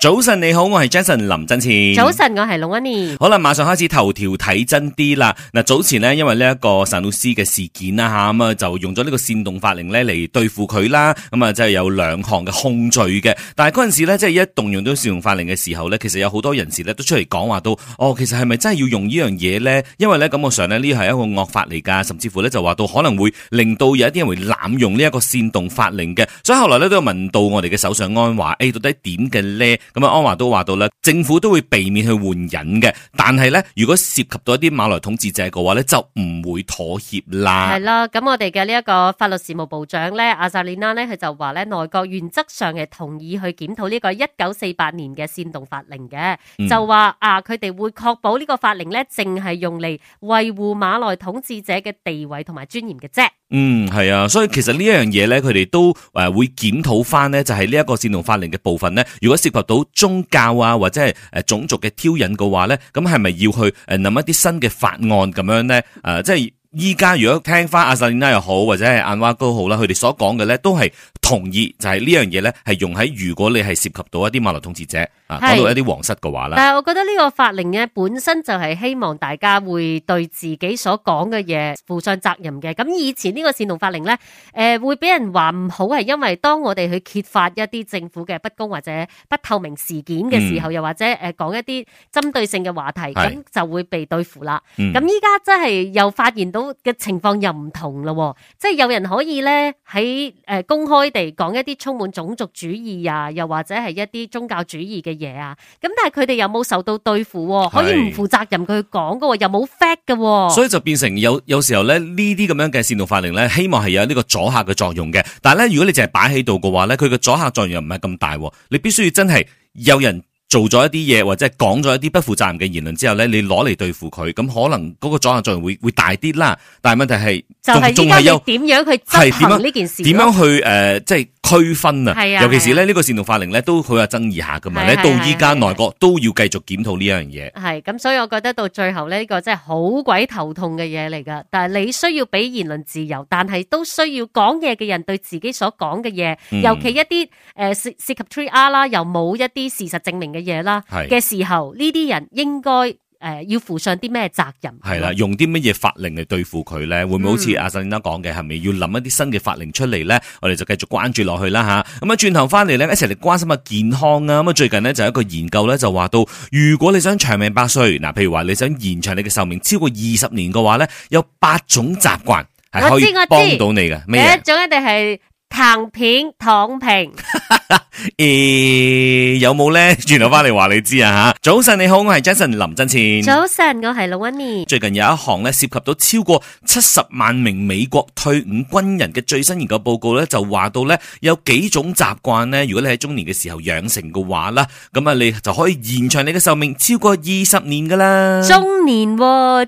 早晨你好，我係 Jason 林振前。早晨，我係龍安妮。好啦，馬上開始頭條睇真啲啦。嗱，早前呢，因為呢一個陳老師嘅事件啊，咁啊，就用咗呢個煽動法令咧嚟對付佢啦。咁啊，即係有兩項嘅控罪嘅。但係嗰陣時咧，即係一動用到煽動法令嘅時候咧，其實有好多人士咧都出嚟講話到，哦，其實係咪真係要用呢樣嘢咧？因為咧感覺上呢，呢係一個惡法嚟噶，甚至乎咧就話到可能會令到有一啲人會濫用呢一個煽動法令嘅。所以後來咧都有問到我哋嘅首相安華，誒，到底點嘅咧？咁啊，安華都話到啦，政府都會避免去換人嘅，但係咧，如果涉及到一啲馬來統治者嘅話咧，就唔會妥協啦。係啦，咁我哋嘅呢一個法律事務部長咧，阿薩里拉呢，佢就話咧，內閣原則上係同意去檢討呢個一九四八年嘅煽動法令嘅。嗯，就話啊，佢哋會確保呢個法令咧，淨係用嚟維護馬來統治者嘅地位同埋尊嚴嘅啫。嗯，係啊，所以其實呢一樣嘢咧，佢哋都誒會檢討翻咧，就係呢一個煽動法令嘅部分咧。如果涉及到宗教啊或者係誒種族嘅挑釁嘅話咧，咁係咪要去誒諗一啲新嘅法案咁樣咧？誒、呃，即係依家，如果聽翻阿薩利娜又好，或者係安華哥好啦，佢哋所講嘅咧都係同意，就係呢樣嘢咧係用喺如果你係涉及到一啲馬來統治者。講到一啲皇室嘅話啦，但係我覺得呢個法令咧本身就係希望大家會對自己所講嘅嘢負上責任嘅。咁以前呢個煽動法令咧，誒會俾人話唔好，係因為當我哋去揭發一啲政府嘅不公或者不透明事件嘅時候、嗯，又或者誒講一啲針對性嘅話題，咁就會被對付啦。咁依家真係又發現到嘅情況又唔同咯，即係有人可以咧喺誒公開地講一啲充滿種族主義啊，又或者係一啲宗教主義嘅嘢啊，咁但係佢哋又冇受到對付，可以唔負責任佢講喎，又冇 fact 嘅，所以就變成有有時候咧呢啲咁樣嘅煽動法令咧，希望係有呢個阻嚇嘅作用嘅。但係咧，如果你淨係擺喺度嘅話咧，佢嘅阻嚇作用又唔係咁大。你必須要真係有人做咗一啲嘢或者講咗一啲不負責任嘅言論之後咧，你攞嚟對付佢，咁可能嗰個阻嚇作用會會大啲啦。但係問題係，就係依家點樣去執行呢件事？點樣去、呃、即區分啊，尤其是咧呢個煽動法令咧都好有爭議下噶嘛，到依家內閣都要繼續檢討呢樣嘢。係咁，所以我覺得到最後咧呢個真係好鬼頭痛嘅嘢嚟噶。但係你需要俾言論自由，但係都需要講嘢嘅人對自己所講嘅嘢，尤其一啲誒涉涉及 3R 誒、呃，要負上啲咩責任？係、嗯、啦，用啲乜嘢法令嚟對付佢咧？會唔會好似阿沈先生講嘅，係咪要諗一啲新嘅法令出嚟咧？我哋就繼續關注落去啦吓。咁啊，轉頭翻嚟咧，一齊嚟關心下健康啊！咁啊，最近咧就有一個研究咧就話到，如果你想長命百歲，嗱，譬如話你想延長你嘅壽命超過二十年嘅話咧，有八種習慣係可以幫到你嘅。咩嘢？第一種一定係躺片躺平。 欸、有冇咧？轉頭翻嚟話你知啊吓。 早晨你好，我係 Jason 林振前。早晨，我係 Louis。最近有一項咧涉及到超過七十萬名美國退伍軍人嘅最新研究報告咧，就話到咧有幾種習慣咧，如果你喺中年嘅時候養成嘅話啦，咁啊你就可以延長你嘅壽命超過二十年噶啦。中年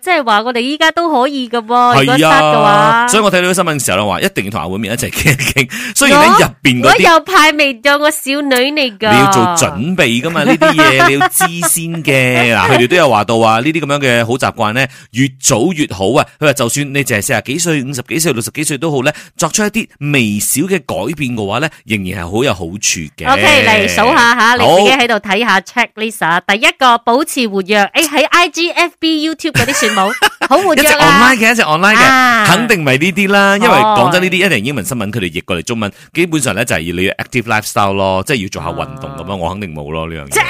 即係話我哋依家都可以噶喎、哦。係啊，所以我睇到啲新聞嘅時候呢，話一定要同阿會面一齊傾一傾。雖然你入邊嗰啲，我有派未。有個少女嚟噶，你要做準備噶嘛？呢啲嘢你要知先嘅。嗱，佢哋都有話到話呢啲咁樣嘅好習慣咧，越早越好啊。佢話就算你淨係四十幾歲、五十幾歲、六十幾歲都好咧，作出一啲微小嘅改變嘅話咧，仍然係好有好處嘅。OK，嚟數下吓，你自己喺度睇下，checklist，第一個保持活躍，誒，喺 I G F B YouTube 嗰啲算冇。好活啲啦！一直 online 嘅，一直 online 嘅，肯定唔係呢啲啦。因為講真，呢啲一定英文新聞，佢哋譯過嚟中文，基本上咧就係要你 active lifestyle 咯，即係要做下運動咁樣。我肯定冇咯呢樣嘢，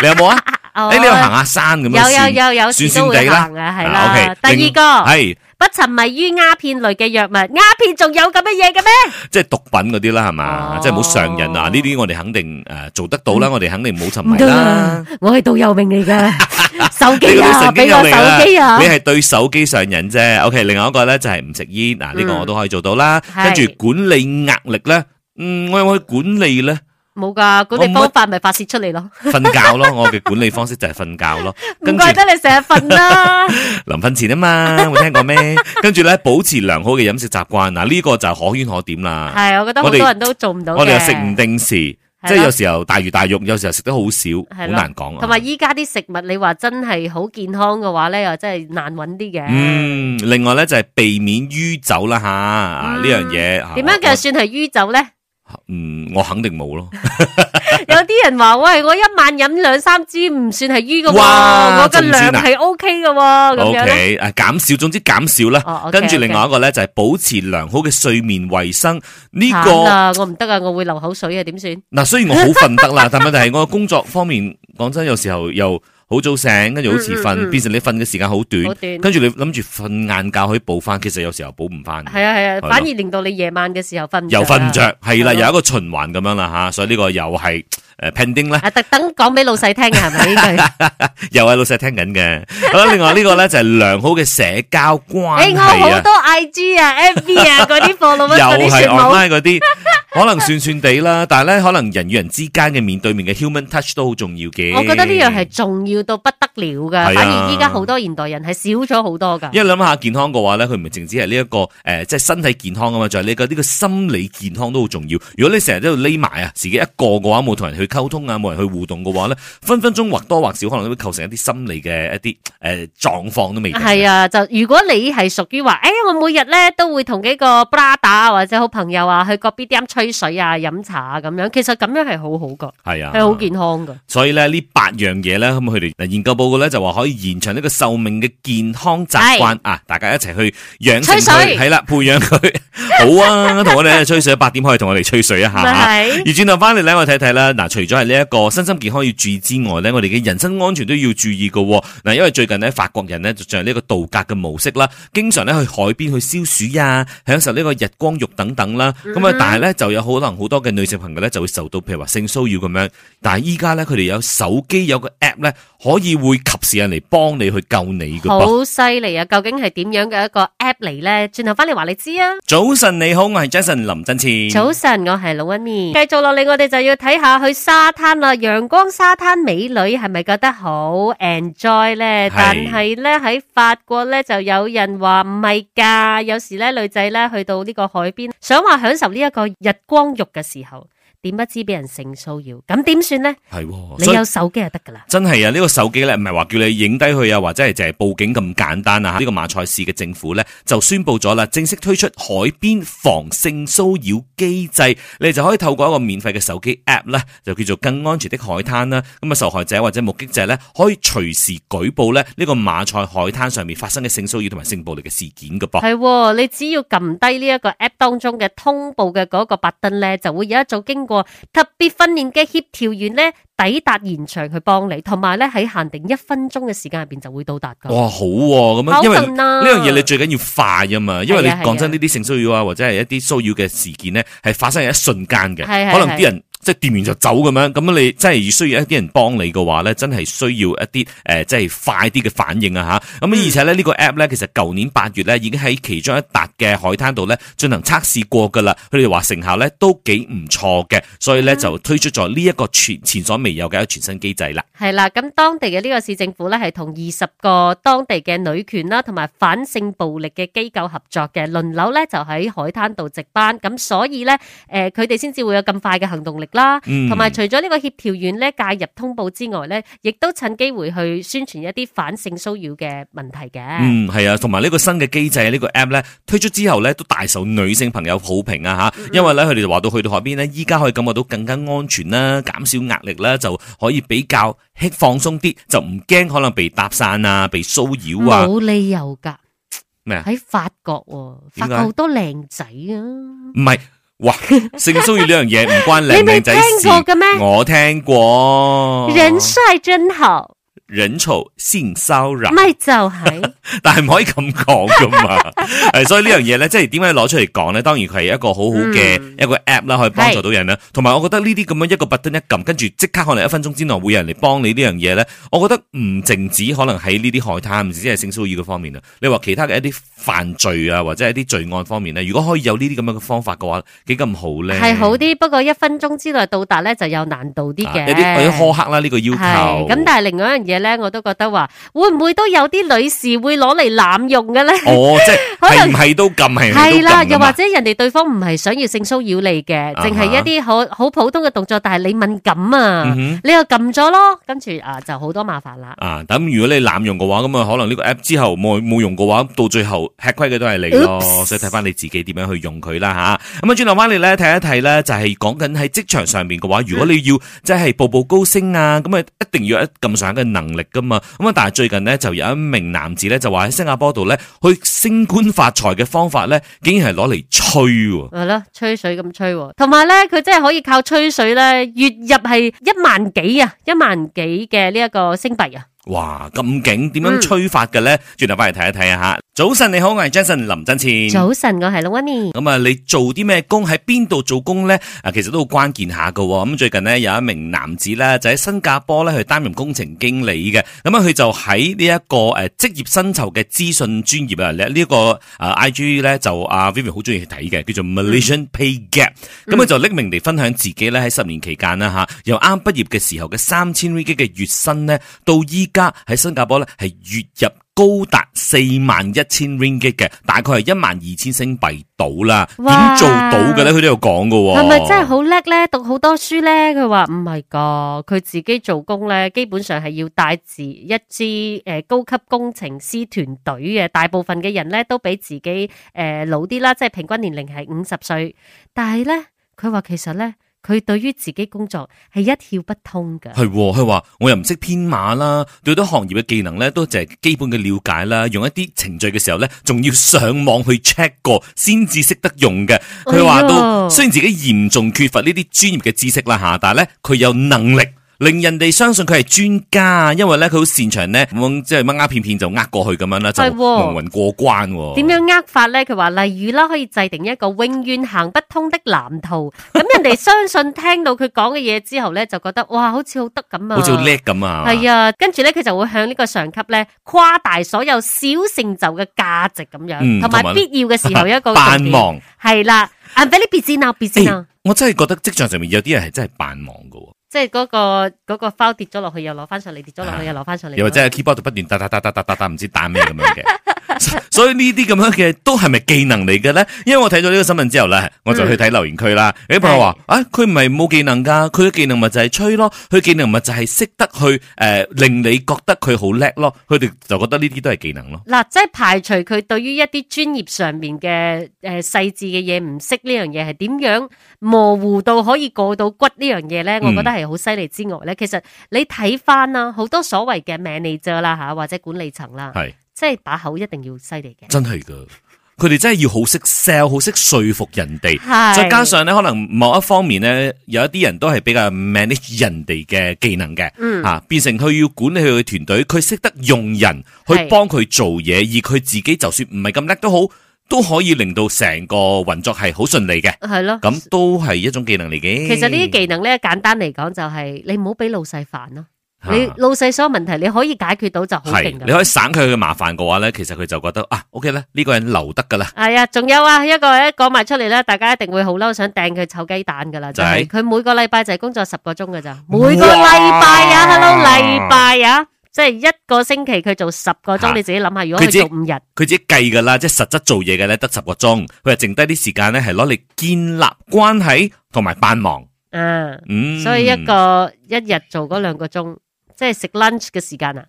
你有冇啊？誒，你有行下山咁樣有有有，算算算地啦？係啦，OK。第二個係不沉迷於鴉片類嘅藥物，鴉片仲有咁嘅嘢嘅咩？即係毒品嗰啲啦，係嘛？即係唔好上癮啊！呢啲我哋肯定誒做得到啦，我哋肯定冇沉迷啦。我係導游泳嚟噶。手機啊，俾個手機啊，你係對手機上癮啫。OK，另外一個咧就係唔食煙。嗱，呢個我都可以做到啦。跟住管理壓力咧，嗯，我有去管理咧，冇噶管理方法咪發洩出嚟咯，瞓覺咯。我嘅管理方式就係瞓覺咯。唔怪得你成日瞓啦。臨瞓前啊嘛，冇聽過咩？跟住咧，保持良好嘅飲食習慣。嗱，呢個就可圈可點啦。係，我覺得好多人都做唔到。我哋又食唔定時。是即係有時候大魚大肉，有時候食得好少，好難講啊。同埋依家啲食物，你話真係好健康嘅話咧，又真係難搵啲嘅。嗯，另外咧就係避免酗酒啦吓，嗯、樣樣呢樣嘢點樣嘅算係酗酒咧？嗯，我肯定冇咯 有啲人話喂，我一晚飲兩三支唔算係淤嘅，哇，我嘅量係 O K 嘅，咁 OK，減、okay, 少，總之減少啦。跟、oh, 住、okay, 另外一個咧就係保持良好嘅睡眠衛生呢、這個。啊、我唔得啊，我會流口水啊，點算？嗱，雖然我好瞓得啦，但問題係我工作方面講 真，有時候又。好早醒，跟住好遲瞓，變成你瞓嘅時間好短，跟住你諗住瞓晏覺可以補翻，其實有時候補唔翻嘅。係啊係啊，反而令到你夜晚嘅時候瞓又瞓唔着，係啦，又一個循環咁樣啦吓。所以呢個又係誒 pending 咧，特登講俾老細聽嘅係咪呢句？又係老細聽緊嘅。咁啊，另外呢個咧就係良好嘅社交關係啊。好多 IG 啊，FB 啊，嗰啲放落去，又係 online 嗰啲。 可能算算地啦，但係咧，可能人與人之間嘅面對面嘅 human touch 都好重要嘅。我覺得呢樣係重要到不得了噶、啊，反而依家好多現代人係少咗好多噶。因為諗下健康嘅話咧，佢唔係淨止係呢一個誒、呃，即係身體健康啊嘛，就係、是、呢、這個呢、這個心理健康都好重要。如果你成日喺度匿埋啊，自己一個嘅話，冇同人去溝通啊，冇人去互動嘅話咧，分分鐘或多或少可能都會構成一啲心理嘅一啲誒狀況都未定。係啊，就如果你係屬於話，誒、欸，我每日咧都會同幾個 brother 或者好朋友啊去個 b m 吹水啊，飲茶啊，咁樣其實咁樣係好好噶，係啊，係好健康噶。所以咧呢八樣嘢咧，咁佢哋嗱研究報告咧就話可以延長呢個壽命嘅健康習慣啊！大家一齊去養成佢，係啦，培養佢，好啊！同 我哋吹水，八點可以同我哋吹水一下。而轉頭翻嚟咧，我睇睇啦。嗱，除咗係呢一個身心健康要注意之外咧，我哋嘅人身安全都要注意噶。嗱，因為最近呢，法國人咧就像呢個度假嘅模式啦，經常咧去海邊去消暑啊，享受呢個日光浴等等啦。咁啊，但係咧就有可能好多嘅女性朋友咧，就會受到譬如話性騷擾咁樣。但係依家咧，佢哋有手機有個 app 咧，可以會及時人嚟幫你去救你嘅。好犀利啊！究竟係點樣嘅一個 app 嚟咧？轉頭翻嚟話你知啊！早晨你好，我係 Jason 林振前。早晨，我係老 vin。繼續落嚟，我哋就要睇下去沙灘啦，陽光沙灘，美女係咪覺得好 enjoy 咧？但係咧喺法國咧，就有人話唔係噶。有時咧女仔咧去到呢個海邊，想話享受呢一個日。光肉嘅時候。點不知俾人性騷擾，咁點算呢？係喎，你有手機就得噶啦。真係啊，呢個手機咧，唔係話叫你影低去啊，或者係就係報警咁簡單呀。呢個馬賽市嘅政府咧就宣布咗啦，正式推出海邊防性騷擾機制，你就可以透過一個免費嘅手機 app 咧，就叫做更安全的海灘啦。咁啊，受害者或者目擊者咧，可以隨時舉報咧呢個馬賽海灘上面發生嘅性騷擾同埋性暴力嘅事件噶噃。係喎，你只要撳低呢一個 app 當中嘅通報嘅嗰個白燈咧，就會有一組經。過特別訓練嘅協調員咧，抵達現場去幫你，同埋咧喺限定一分鐘嘅時間入邊就會到達噶。哇，好咁、啊、樣，因為呢樣嘢你最緊要快啊嘛，因為你講真呢啲、啊啊、性騷擾啊或者係一啲騷擾嘅事件咧係發生喺一瞬間嘅、啊啊，可能啲人、啊。即係店員就走咁樣，咁你真係需要一啲人幫你嘅話呢，真係需要一啲誒，即、呃、係快啲嘅反應啊！吓、嗯，咁而且呢，呢個 app 呢，其實舊年八月呢已經喺其中一笪嘅海灘度呢進行測試過噶啦，佢哋話成效呢都幾唔錯嘅，所以呢就推出咗呢一個全前所未有嘅全新機制啦。係、嗯、啦，咁當地嘅呢個市政府呢，係同二十個當地嘅女權啦同埋反性暴力嘅機構合作嘅，輪流呢，就喺海灘度值班，咁所以呢，誒佢哋先至會有咁快嘅行動力啦，嗯，同埋除咗呢個協調員咧介入通報之外咧，亦都趁機會去宣傳一啲反性騷擾嘅問題嘅。嗯，係啊，同埋呢個新嘅機制呢個 app 咧推出之後咧，都大受女性朋友好評啊吓，因為咧佢哋就話到去到海邊咧，依家可以感覺到更加安全啦，減少壓力啦，就可以比較輕鬆啲，就唔驚可能被搭訕啊，被騷擾啊，冇理由噶咩？喺法國喎，法國好多靚仔啊，唔係。 哇！性騷擾呢樣嘢唔關靚仔事你聽過嗎，我聽過。人帥真好。忍嘈先騷擾，咪就係、是， 但係唔可以咁講噶嘛， 所以呢樣嘢咧，即係點解攞出嚟講咧？當然佢係一個好好嘅、嗯、一個 app 啦，可以幫助到人啦。同埋，我覺得呢啲咁樣一個 button 一撳，跟住即刻可能一分鐘之內會有人嚟幫你呢樣嘢咧。我覺得唔淨止可能喺呢啲海灘，甚至係性騷擾嘅方面啊。你話其他嘅一啲犯罪啊，或者一啲罪案方面咧，如果可以有呢啲咁樣嘅方法嘅話，幾咁好咧？係好啲，不過一分鐘之內到達咧就有難度啲嘅、啊，有啲苛刻啦、啊、呢、這個要求。咁但係另外一樣嘢。咧，我都覺得話，會唔會都有啲女士會攞嚟濫用嘅咧？哦，即係係唔係都撳係？係啦，又或者人哋對方唔係想要性騷擾你嘅，淨係一啲好好普通嘅動作，但係你敏感啊，你又撳咗咯，跟住啊就好多麻煩啦。啊，咁如果你濫用嘅話，咁啊可能呢個 app 之後冇冇用嘅話，到最後吃虧嘅都係你咯。所以睇翻你自己點樣去用佢啦吓。咁啊轉頭翻嚟咧睇一睇咧，就係講緊喺職場上面嘅話，如果你要即係步步高升啊，咁啊一定要一撳上一個能。力噶嘛，咁啊！但係最近咧，就有一名男子咧，就話喺新加坡度咧，去升官發財嘅方法咧，竟然係攞嚟吹，係啦吹水咁吹，同埋咧，佢真係可以靠吹水咧，月入係一萬幾啊，一萬幾嘅呢一個星幣啊！哇，咁勁，點樣吹法嘅咧？轉頭翻嚟睇一睇啊！吓，早晨你好，我係 Jason 林振前。早晨，我係 Lucy。咁、嗯、啊，你做啲咩工？喺邊度做工咧？啊，其實都好關鍵下喎。咁、嗯、最近呢，有一名男子咧，就喺新加坡咧去擔任工程經理嘅。咁、嗯、啊，佢就喺呢一個誒職、呃、業薪酬嘅資訊專業啊，呢、這、呢個啊、呃、IG 咧就阿 Vivian 好中意去睇嘅，叫做 Malaysian Pay Gap、嗯。咁、嗯、啊，嗯、就匿名地分享自己咧喺十年期間啦吓，由啱畢業嘅時候嘅三千嘅月薪呢，到依、e-。而家喺新加坡咧，係月入高達四萬一千 ringgit 嘅，大概係一萬二千星幣到啦。點做到嘅咧？佢都有講嘅。係咪真係好叻咧？讀好多書咧？佢話唔係噶，佢、oh、自己做工咧，基本上係要帶住一支誒高級工程師團隊嘅，大部分嘅人咧都比自己誒、呃、老啲啦，即係平均年齡係五十歲。但係咧，佢話其實咧。佢對於自己工作係一竅不通嘅，係佢話我又唔識編碼啦，對多行業嘅技能咧都淨係基本嘅了解啦，用一啲程序嘅時候咧，仲要上網去 check 過先至識得用嘅。佢話都雖然自己嚴重缺乏呢啲專業嘅知識啦，嚇，但係咧佢有能力。令人哋相信佢係專家，因為咧佢好擅長咧，即係乜嘢騙騙就呃過去咁樣啦，就係蒙混過關。點樣呃法咧？佢話例如啦，可以制定一個永遠行不通的藍圖，咁 人哋相信聽到佢講嘅嘢之後咧，就覺得哇，好似好得咁啊，好似叻咁啊。係啊，跟住咧，佢就會向呢個上級咧誇大所有小成就嘅價值咁樣，同、嗯、埋必要嘅時候一個 扮忙。係啦，very busy now，busy now。我真係覺得職場上面有啲人係真係扮忙噶。即係嗰、嗰個嗰、嗰個包跌咗落去又攞翻上嚟，跌咗落去又攞翻上嚟，啊。又或者係 keyboard 就不斷打打打打打打打，唔 知打咩咁樣嘅。 所以呢啲咁樣嘅都係咪技能嚟嘅咧？因為我睇咗呢個新聞之後咧，嗯、我就去睇留言區啦。你、嗯、朋友話：，啊、哎，佢唔係冇技能噶，佢嘅技能咪就係吹咯，佢嘅技能咪就係識得去誒、呃，令你覺得佢好叻咯。佢哋就覺得呢啲都係技能咯。嗱，即係排除佢對於一啲專業上面嘅誒細緻嘅嘢唔識呢樣嘢，係、呃、點樣模糊到可以過到骨呢樣嘢咧？嗯、我覺得係好犀利之外咧，其實你睇翻啦，好多所謂嘅 manager 啦吓，或者管理層啦，係。即係把口一定要犀利嘅，真係噶，佢哋真係要好識 sell，好識說服人哋。係再加上咧，可能某一方面咧，有一啲人都係比較 manage 人哋嘅技能嘅，嗯，吓變成佢要管理佢嘅團隊，佢識得用人去幫佢做嘢，而佢自己就算唔係咁叻都好，都可以令到成個運作係好順利嘅。係咯，咁都係一種技能嚟嘅。其實呢啲技能咧，簡單嚟講就係你唔好俾老細煩咯。你老細所有問題你可以解決到就好勁噶，你可以省佢嘅麻煩嘅話咧，其實佢就覺得啊，OK 咧，呢個人留得噶啦。係啊，仲有啊，一個一講埋出嚟咧，大家一定會好嬲，想掟佢臭雞蛋噶啦，就係。佢每個禮拜就係工作十個鐘噶咋，每個禮拜啊，hello 禮拜啊，即係一個星期佢做十個鐘，你自己諗下，如果佢做五日，佢自己計噶啦，即係實質做嘢嘅咧得十個鐘，佢係剩低啲時間咧係攞嚟建立關係同埋幫忙。嗯，所以一個一日做嗰兩個鐘。即係食 lunch 嘅時間啊，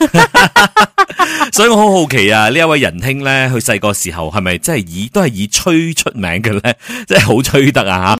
所以我好好奇啊，人呢一位仁兄咧，佢細個時候係咪真係以都係以吹出名嘅咧，即係好吹得啊！